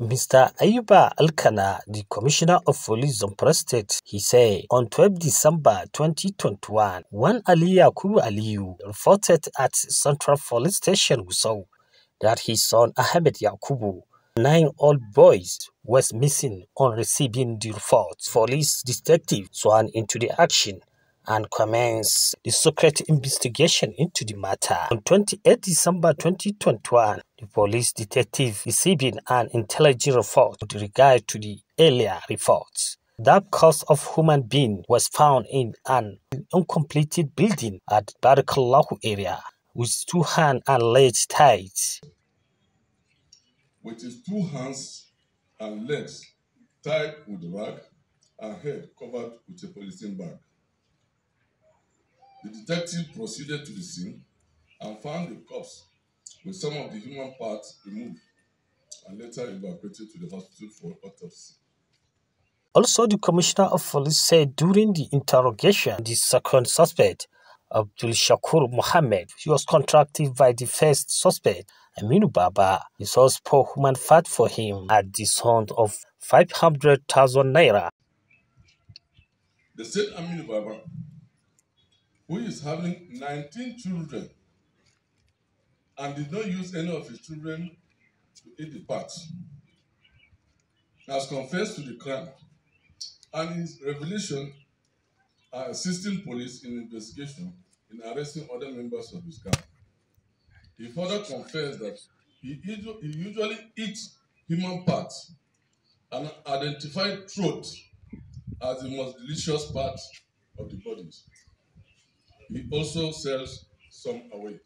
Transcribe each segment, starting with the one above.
Mr. Ayuba Alkana, the Commissioner of Police on State, he said on 12 December 2021, when Ali Yakubu Aliyu reported at Central Police Station Gusau that his son Ahmed Yakubu, nine old boys, was missing on receiving the report. Police detectives swan into the action and commence the secret investigation into the matter. On 28 December 2021, the police detective received an intelligence report with regard to the earlier reports. That corpse of human being was found in an uncompleted building at Barakallahu area with two hands and legs tied. With his two hands and legs tied with rag and head covered with a polythene bag. The detective proceeded to the scene and found the corpse with some of the human parts removed and later evacuated to the hospital for autopsy. Also, the commissioner of police said during the interrogation, the second suspect, Abdul Shakur Mohammed, he was contracted by the first suspect, Aminu Baba. He source poor human fat for him at the sound of 500,000 naira. They said Aminu Baba who is having 19 children and did not use any of his children to eat the part has confessed to the crime and his revelation are assisting police in investigation in arresting other members of his gang. He further confessed that he, he usually eats human parts and identified throat as the most delicious part of the bodies. He also sells some away.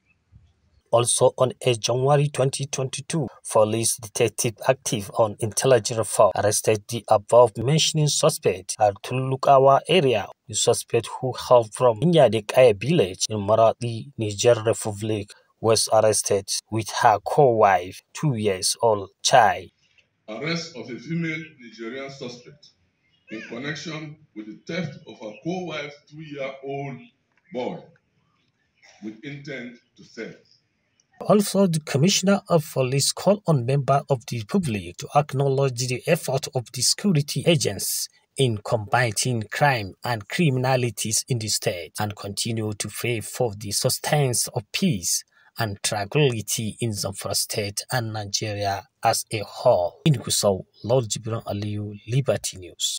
Also on 8 January 2022, police detective active on intelligence reform arrested the above mentioned suspect at Tulukawa area. The suspect who hailed from Nyadekaya village in Maradi, Niger Republic was arrested with her co-wife, two years old child. Arrest of a female Nigerian suspect in connection with the theft of her co-wife's two-year-old boy with intent to sell. Also, the Commissioner of Police called on members of the public to acknowledge the effort of the security agents in combating crime and criminalities in the state and continue to pray for the sustenance of peace and tranquility in Zamfara State and Nigeria as a whole. In Gusau, Lord Jibran Aliyu, Liberty News.